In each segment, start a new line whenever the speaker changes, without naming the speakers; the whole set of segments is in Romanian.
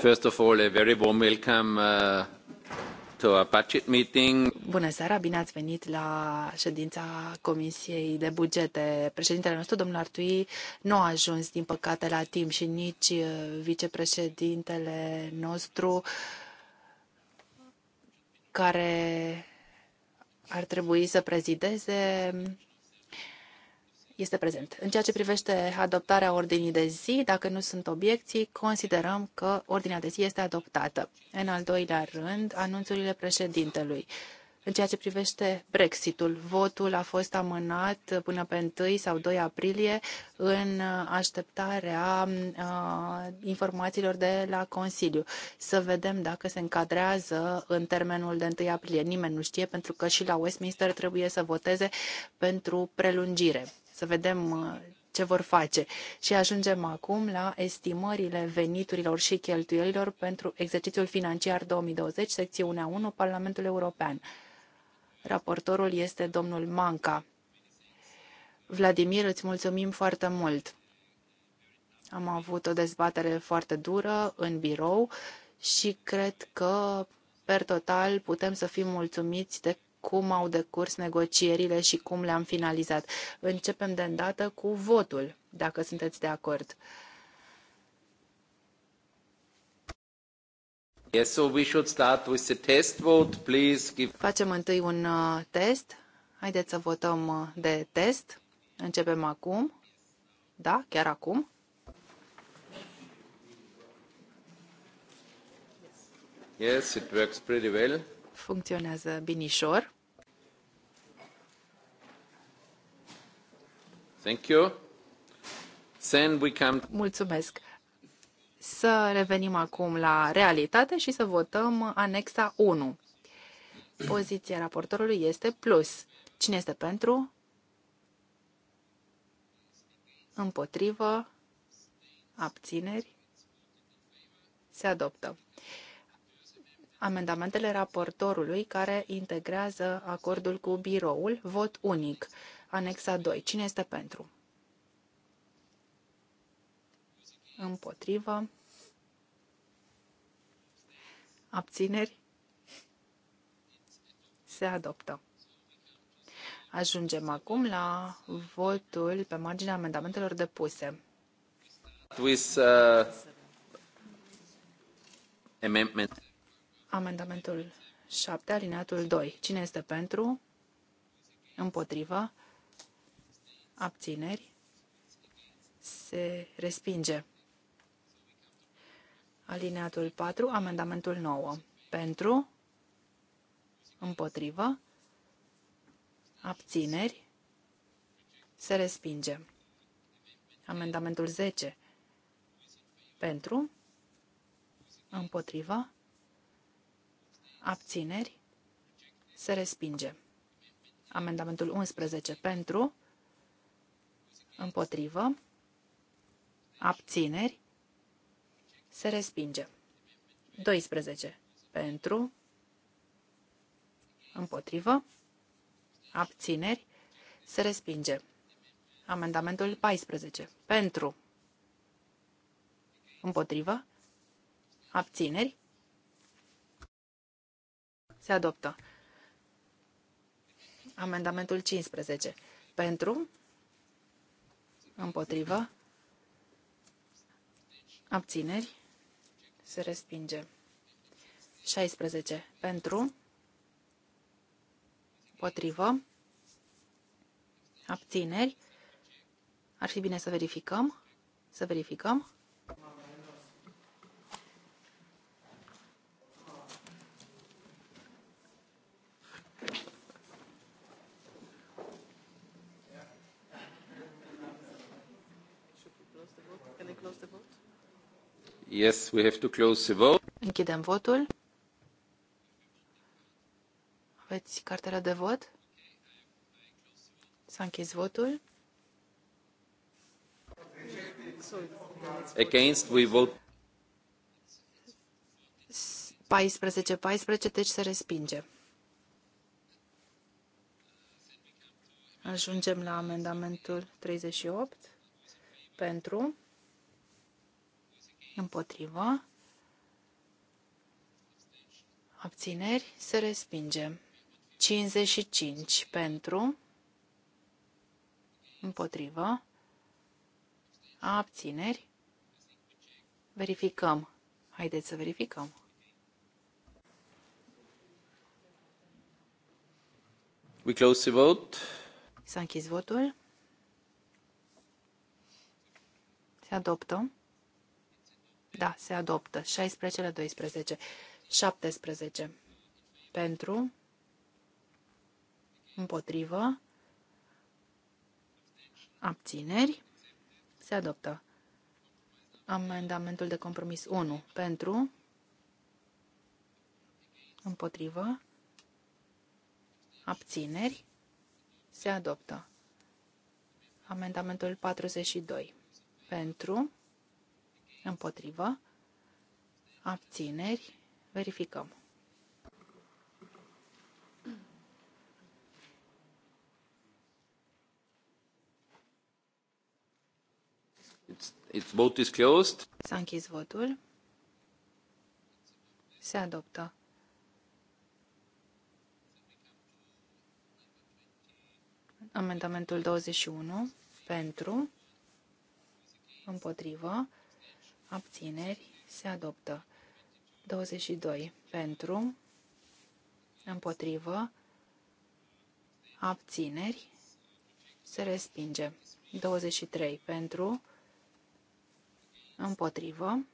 First of all, a very warm welcome uh, to our budget meeting.
Bună seara, bine ați venit la ședința Comisiei de Bugete. Președintele nostru, domnul Artui, nu a ajuns, din păcate, la timp și nici uh, vicepreședintele nostru, care ar trebui să prezideze, este prezent. În ceea ce privește adoptarea ordinii de zi, dacă nu sunt obiecții, considerăm că ordinea de zi este adoptată. În al doilea rând, anunțurile președintelui. În ceea ce privește Brexitul, votul a fost amânat până pe 1 sau 2 aprilie în așteptarea informațiilor de la Consiliu. Să vedem dacă se încadrează în termenul de 1 aprilie. Nimeni nu știe pentru că și la Westminster trebuie să voteze pentru prelungire. Să vedem ce vor face. Și ajungem acum la estimările veniturilor și cheltuielilor pentru exercițiul financiar 2020, secțiunea 1, Parlamentul European. Raportorul este domnul Manca. Vladimir, îți mulțumim foarte mult. Am avut o dezbatere foarte dură în birou și cred că, per total, putem să fim mulțumiți de cum au decurs negocierile și cum le-am finalizat. Începem de îndată cu votul, dacă sunteți de acord.
Yes, so we should start with the test vote. Please give...
Facem întâi un uh, test. Haideți să votăm uh, de test. Începem acum. Da, chiar acum.
Yes, it works pretty well.
Funcționează binișor.
Thank you. Then we come...
Mulțumesc să revenim acum la realitate și să votăm anexa 1. Poziția raportorului este plus. Cine este pentru? Împotrivă? Abțineri? Se adoptă. Amendamentele raportorului care integrează acordul cu biroul, vot unic. Anexa 2. Cine este pentru? Împotrivă. Abțineri. Se adoptă. Ajungem acum la votul pe marginea amendamentelor depuse.
With, uh, amendment.
Amendamentul 7, alineatul 2. Cine este pentru? Împotrivă? Abțineri? Se respinge. Alineatul 4, amendamentul 9. Pentru, împotrivă, abțineri, se respinge. Amendamentul 10. Pentru, împotrivă, abțineri, se respinge. Amendamentul 11. Pentru, împotrivă, abțineri, se respinge. 12. Pentru. Împotrivă. Abțineri. Se respinge. Amendamentul 14. Pentru. Împotrivă. Abțineri. Se adoptă. Amendamentul 15. Pentru. Împotrivă. Abțineri se respinge. 16 pentru, potrivă, abțineri. Ar fi bine să verificăm. Să verificăm.
Yes, we have to close the vote.
Închidem votul. Aveți cartela de vot? S-a închis votul.
Against, we vote.
14, 14, deci se respinge. Ajungem la amendamentul 38 pentru împotrivă, abțineri, se respinge. 55 pentru, împotrivă, abțineri, verificăm. Haideți să verificăm.
We close the vote.
S-a închis votul. Se adoptă. Da, se adoptă. 16 la 12. 17. Pentru. Împotrivă. Abțineri. Se adoptă. Amendamentul de compromis 1. Pentru. Împotrivă. Abțineri. Se adoptă. Amendamentul 42. Pentru. Împotrivă. Abțineri. Verificăm.
It's, vote is closed.
S-a închis votul. Se adoptă. Amendamentul 21 pentru, împotrivă, abțineri, se adoptă. 22 pentru, împotrivă, abțineri, se respinge. 23 pentru, împotrivă,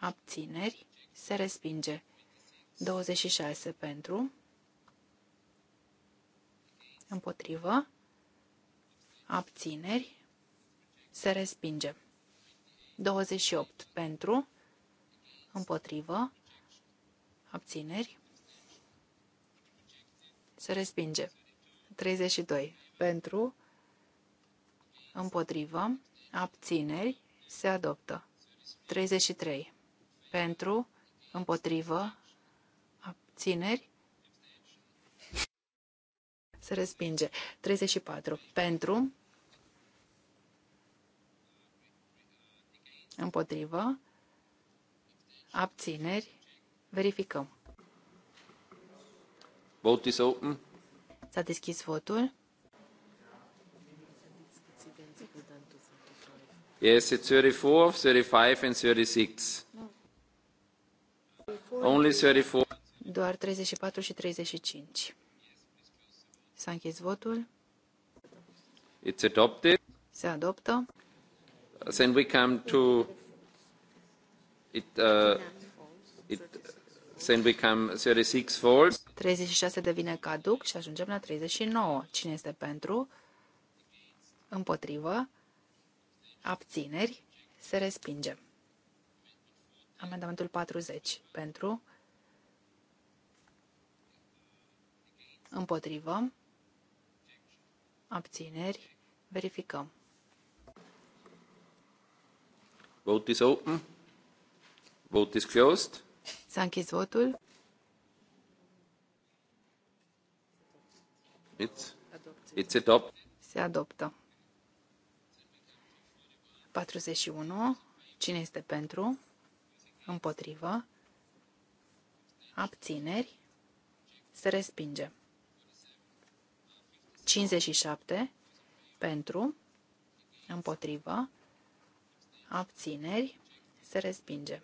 abțineri, se respinge. 26 pentru, împotrivă, abțineri, se respinge. 28 pentru, împotrivă, abțineri, se respinge. 32 pentru, împotrivă, abțineri, se adoptă. 33 pentru, împotrivă, abțineri, se respinge. 34 pentru, Împotrivă. Abțineri. Verificăm.
Vote is open.
S-a deschis votul.
Yes, it's 34, 35 and 36. Only 34.
Doar 34 și 35. S-a închis votul.
It's adopted.
Se adoptă.
Then we come to it, uh, it, then we come 36 falls.
36 devine caduc și ajungem la 39. Cine este pentru? Împotrivă? Abțineri? Se respinge. Amendamentul 40. Pentru? Împotrivă? Abțineri? Verificăm.
Vote is open. Vote is closed.
S-a închis votul.
It's, it's adopt.
Se adoptă. 41. Cine este pentru? Împotrivă. Abțineri. Se respinge. 57. Pentru. Împotrivă abțineri, se respinge.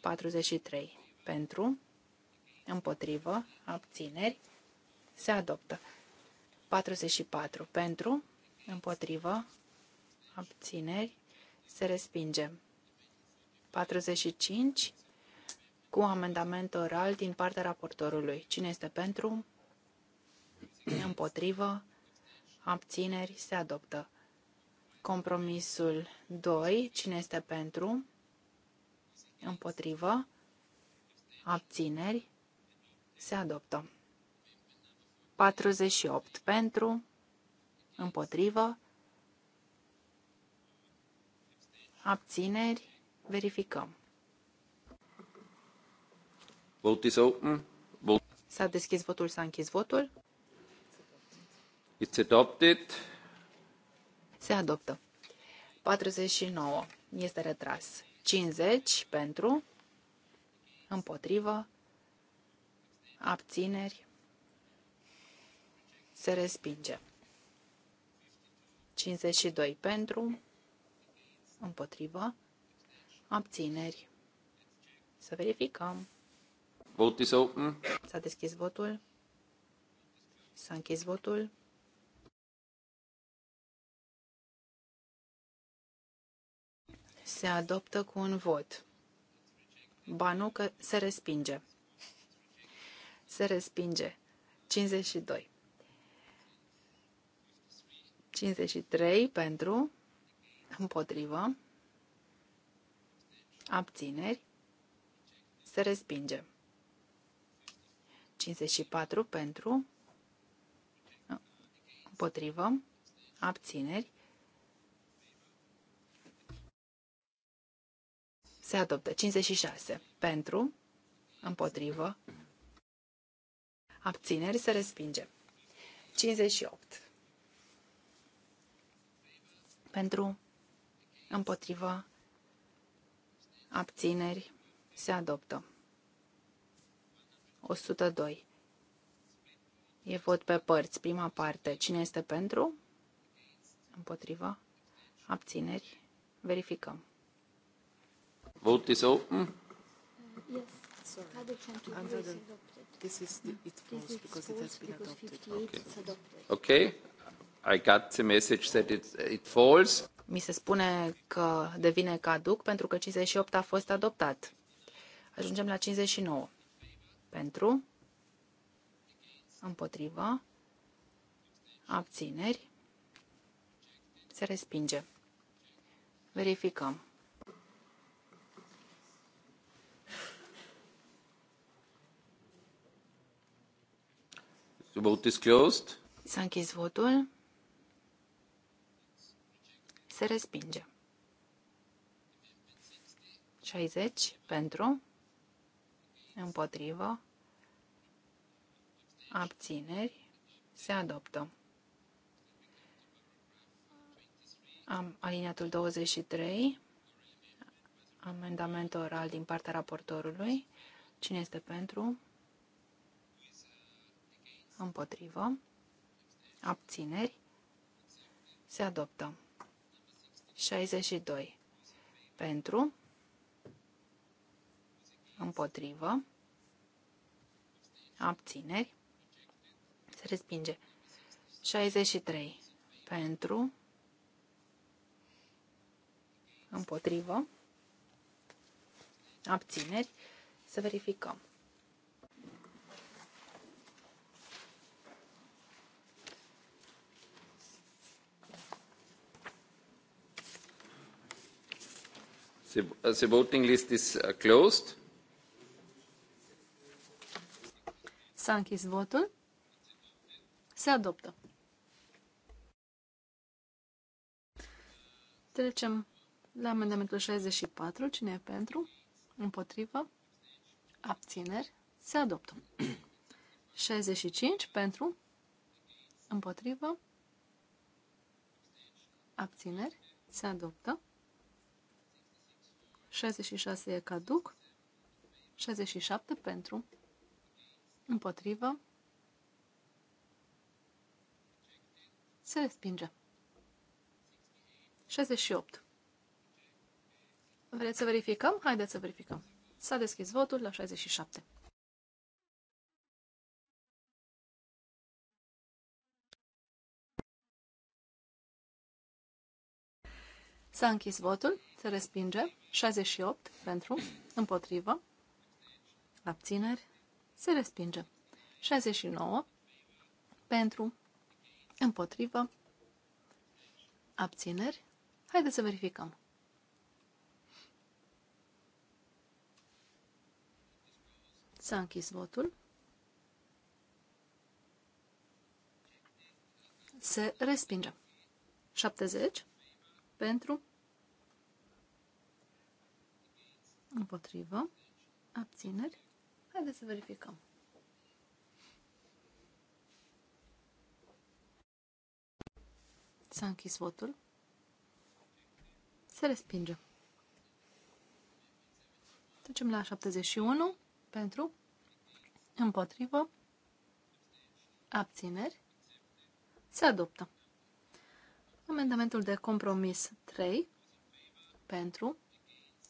43 pentru, împotrivă, abțineri, se adoptă. 44 pentru, împotrivă, abțineri, se respinge. 45 cu amendament oral din partea raportorului. Cine este pentru? Împotrivă? Abțineri? Se adoptă. Compromisul 2. Cine este pentru? Împotrivă. Abțineri. Se adoptă. 48 pentru. Împotrivă. Abțineri. Verificăm.
Vote is open.
S-a deschis votul, s-a închis votul.
It's adopted.
Se adoptă. 49. Este retras. 50 pentru, împotrivă, abțineri, se respinge. 52 pentru, împotrivă, abțineri. Să verificăm.
Vot is open.
S-a deschis votul. S-a închis votul. se adoptă cu un vot. Ba nu, că se respinge. Se respinge. 52. 53 pentru, împotrivă, abțineri, se respinge. 54 pentru, împotrivă, abțineri, Se adoptă. 56. Pentru. Împotrivă. Abțineri. Se respinge. 58. Pentru. Împotrivă. Abțineri. Se adoptă. 102. E vot pe părți. Prima parte. Cine este pentru? Împotriva? Abțineri? Verificăm. Vote
is open. okay. I got the message that it, it falls.
Mi se spune că devine caduc pentru că 58 a fost adoptat. Ajungem la 59. Pentru, împotrivă, abțineri, se respinge. Verificăm. S-a închis votul. Se respinge. 60 pentru, împotrivă, abțineri, se adoptă. Am aliniatul 23, amendament oral din partea raportorului. Cine este pentru? împotrivă, abțineri, se adoptă. 62. Pentru, împotrivă, abțineri, se respinge. 63. Pentru, împotrivă, abțineri, să verificăm.
Uh, the voting list is uh, closed.
S-a închis votul. Se adoptă. Trecem la amendamentul 64. Cine e pentru? Împotrivă? Abțineri? Se adoptă. 65 pentru? Împotrivă? Abțineri? Se adoptă. 66 e caduc. 67 pentru. Împotrivă. Se respinge. 68. Vreți să verificăm? Haideți să verificăm. S-a deschis votul la 67. S-a închis votul, se respinge. 68 pentru, împotrivă, abțineri, se respinge. 69 pentru, împotrivă, abțineri. Haideți să verificăm. S-a închis votul. Se respinge. 70 pentru, împotrivă, abțineri. Haideți să verificăm. S-a închis votul. Se respinge. Trecem la 71 pentru, împotrivă, abțineri. Se adoptă. Amendamentul de compromis 3 pentru,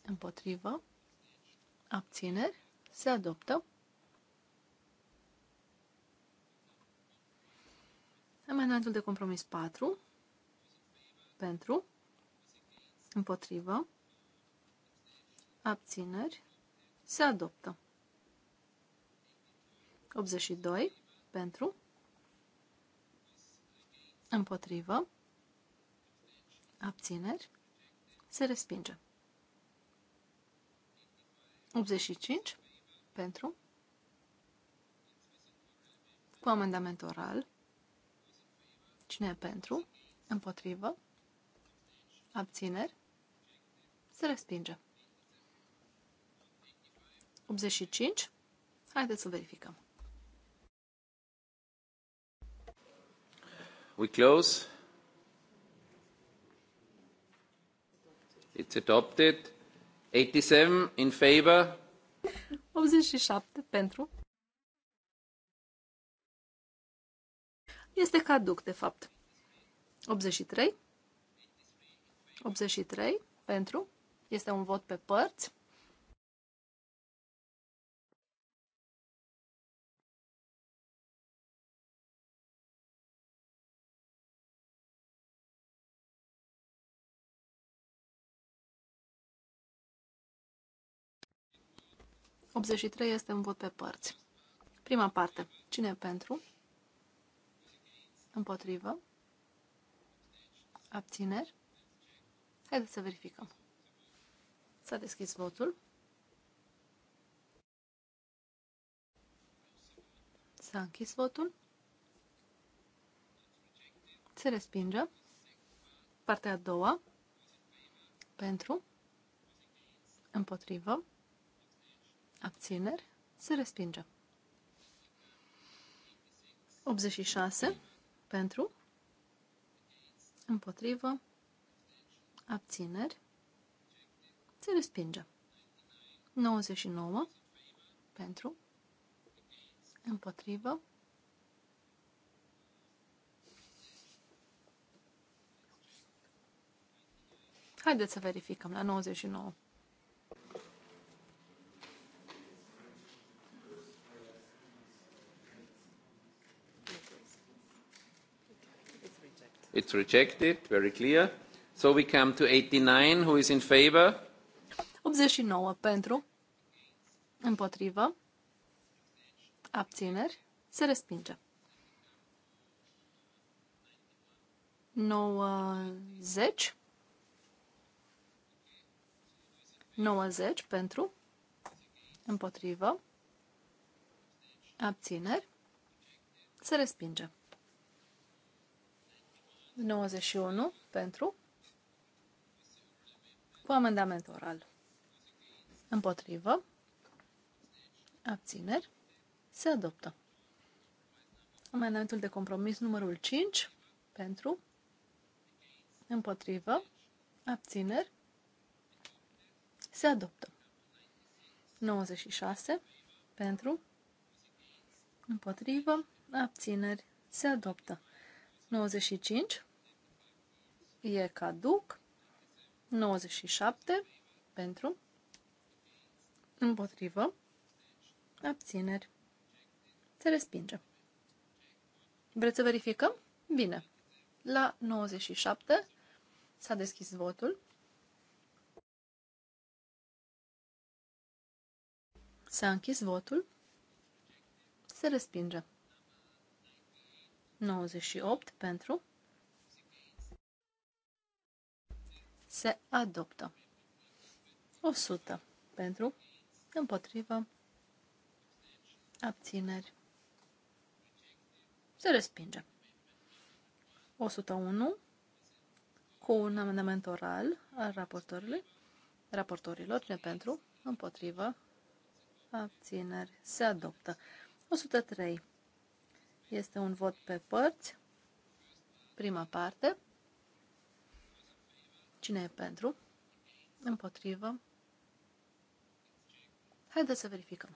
împotrivă, abțineri, se adoptă. Amendamentul de compromis 4 pentru, împotrivă, abțineri, se adoptă. 82 pentru, împotrivă, abțineri, se respinge. 85 pentru, cu amendament oral, cine e pentru, împotrivă, abțineri, se respinge. 85. Haideți să verificăm.
We close. It's adopted. 87 in favor.
87 pentru. Este caduc, de fapt. 83. 83 pentru. Este un vot pe părți. 83 este un vot pe părți. Prima parte. Cine e pentru? Împotrivă? Abțineri? Haideți să verificăm. S-a deschis votul. S-a închis votul. Se respinge. Partea a doua. Pentru. Împotrivă abțineri, se respinge. 86 pentru, împotrivă, abțineri, se respinge. 99 pentru, împotrivă, Haideți să verificăm la 99.
It's rejected, very clear. So we come to 89, who is in favor?
89 pentru, împotrivă, abțineri, se respinge. 90 90 pentru împotrivă abțineri se respinge 91 pentru, cu amendament oral. Împotrivă, abțineri, se adoptă. Amendamentul de compromis numărul 5 pentru, împotrivă, abțineri, se adoptă. 96 pentru, împotrivă, abțineri, se adoptă. 95 e caduc. 97 pentru împotrivă abțineri se respinge. Vreți să verificăm? Bine. La 97 s-a deschis votul. S-a închis votul. Se respinge. 98 pentru. Se adoptă. 100 pentru. Împotrivă. Abțineri. Se respinge. 101 cu un amendament oral al raportorului, raportorilor, pentru, împotrivă, abțineri, se adoptă. 103 este un vot pe părți. Prima parte. Cine e pentru? Împotrivă. Haideți să verificăm.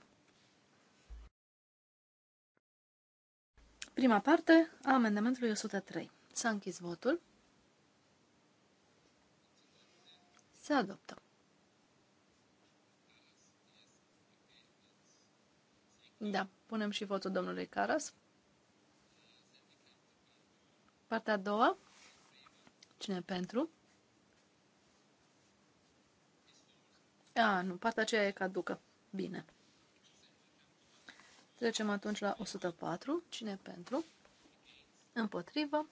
Prima parte a amendamentului 103. S-a închis votul. Se adoptă. Da, punem și votul domnului Caras. Partea a doua. Cine pentru? A, nu, partea aceea e caducă. Bine. Trecem atunci la 104. Cine pentru? Împotrivă.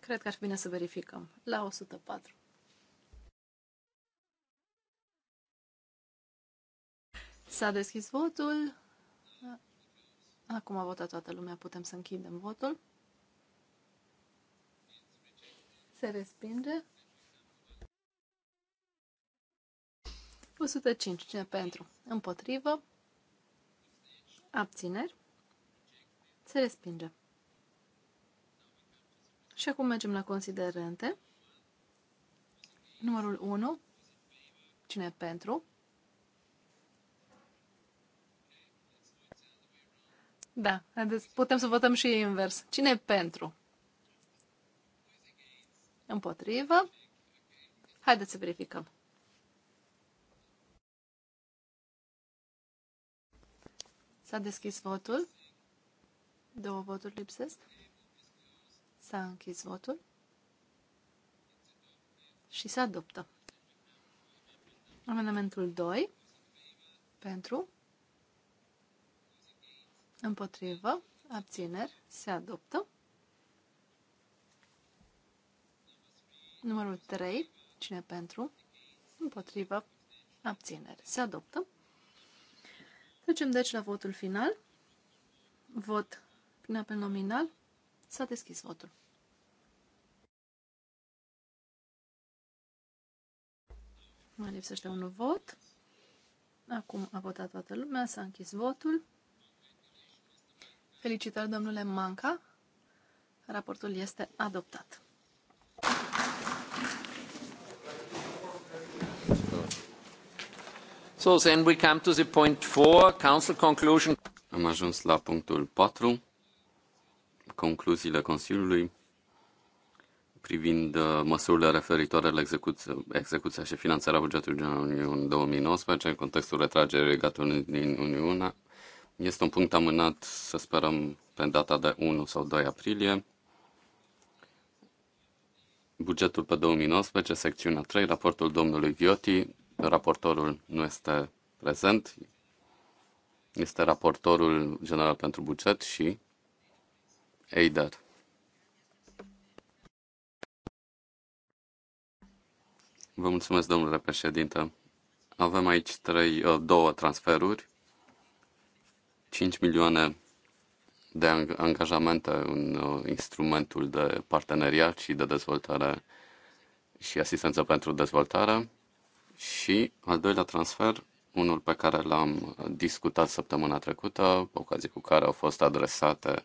Cred că ar fi bine să verificăm. La 104. S-a deschis votul. Acum a votat toată lumea, putem să închidem votul. Se respinge. 105. Cine pentru? Împotrivă. Abțineri. Se respinge. Și acum mergem la considerente. Numărul 1. Cine pentru? Da, haideți, putem să votăm și invers. Cine e pentru? Împotrivă. Haideți să verificăm. S-a deschis votul. Două voturi lipsesc. S-a închis votul. Și se adoptă. Amendamentul 2. Pentru. Împotrivă. Abțineri. Se adoptă. Numărul 3. Cine pentru? Împotrivă. Abțineri. Se adoptă. Trecem deci la votul final. Vot prin apel nominal. S-a deschis votul. Mai lipsește un vot. Acum a votat toată lumea, s-a închis votul. Felicitări, domnule Manca. Raportul este adoptat.
So then we come to the point four. Council conclusion.
Am ajuns la punctul 4, concluziile Consiliului privind uh, măsurile referitoare la execuția, execuția și finanțarea bugetului general în 2019 în contextul retragerii Regatului din Uniunea, este un punct amânat, să sperăm, pe data de 1 sau 2 aprilie. Bugetul pe 2019, secțiunea 3, raportul domnului Vioti. Raportorul nu este prezent, este raportorul general pentru buget și Eider. Vă mulțumesc, domnule președinte. Avem aici trei, uh, două transferuri 5 milioane de angajamente în uh, instrumentul de parteneriat și de dezvoltare și asistență pentru dezvoltare și al doilea transfer, unul pe care l-am discutat săptămâna trecută, ocazie cu care au fost adresate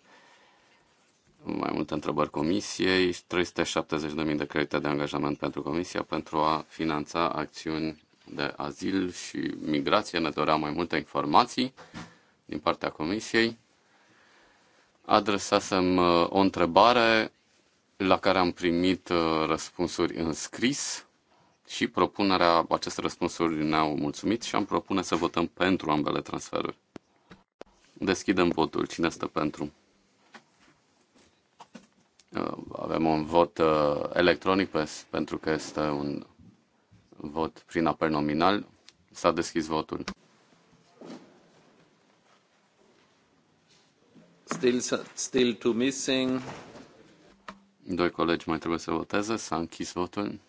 mai multe întrebări comisiei, 370.000 de credite de angajament pentru comisia pentru a finanța acțiuni de azil și migrație. Ne doream mai multe informații din partea Comisiei, adresasem uh, o întrebare la care am primit uh, răspunsuri în scris și propunerea acestor răspunsuri ne-au mulțumit și am propune să votăm pentru ambele transferuri. Deschidem votul. Cine stă pentru? Uh, avem un vot electronic pentru că este un vot prin apel nominal. S-a deschis votul.
Still, two missing.
Doi colegi mai trebuie să voteze. S-a închis votul.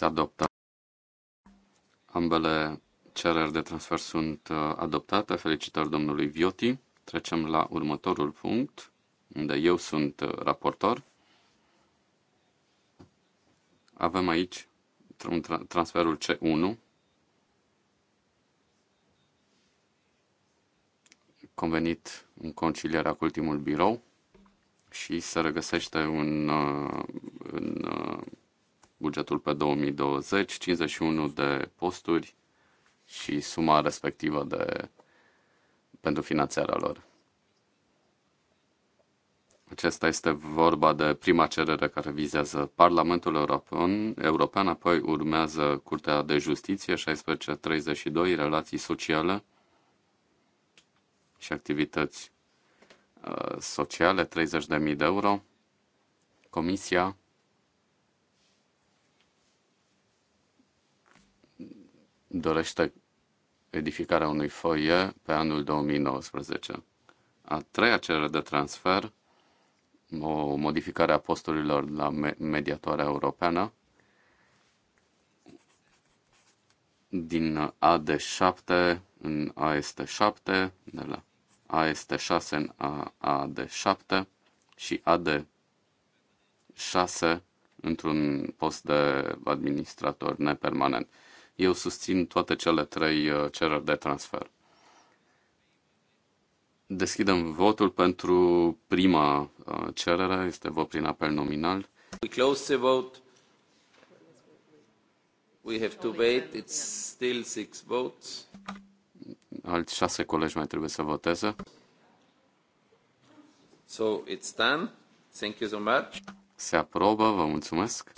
a adoptat. Ambele cereri de transfer sunt uh, adoptate. Felicitări domnului Vioti. Trecem la următorul punct, unde eu sunt uh, raportor. Avem aici transferul C1 convenit un conciliar cu ultimul birou și se regăsește în, uh, în uh, bugetul pe 2020, 51 de posturi și suma respectivă de, pentru finanțarea lor. Acesta este vorba de prima cerere care vizează Parlamentul European, European apoi urmează Curtea de Justiție 1632, relații sociale și activități uh, sociale, 30.000 de euro. Comisia mm, dorește edificarea unui foie pe anul 2019. A treia cerere de transfer, o modificare a posturilor la mediatoarea europeană, din AD7 în AST7, de la a este 6 în A, A de 7 și A de 6 într-un post de administrator nepermanent. Eu susțin toate cele trei uh, cereri de transfer. Deschidem votul pentru prima uh, cerere, este vot prin apel nominal.
We close the vote. We have to wait, it's still six votes
alți șase colegi mai trebuie să voteze.
So it's done. Thank you so much.
Se aprobă, vă mulțumesc.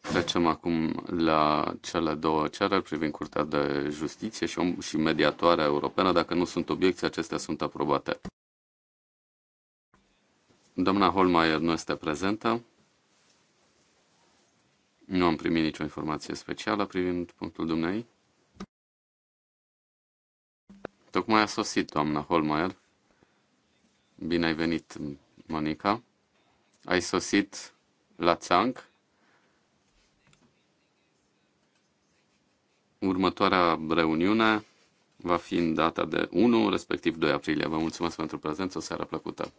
Trecem acum la cele două cereri privind Curtea de Justiție
și, și mediatoarea europeană. Dacă nu sunt obiecții, acestea sunt aprobate. Doamna Holmeier nu este prezentă. Nu am primit nicio informație specială privind punctul dumnei. Tocmai a sosit doamna Holmeier. Bine ai venit, Monica. Ai sosit la Țanc. Următoarea reuniune va fi în data de 1, respectiv 2 aprilie. Vă mulțumesc pentru prezență, o seară plăcută!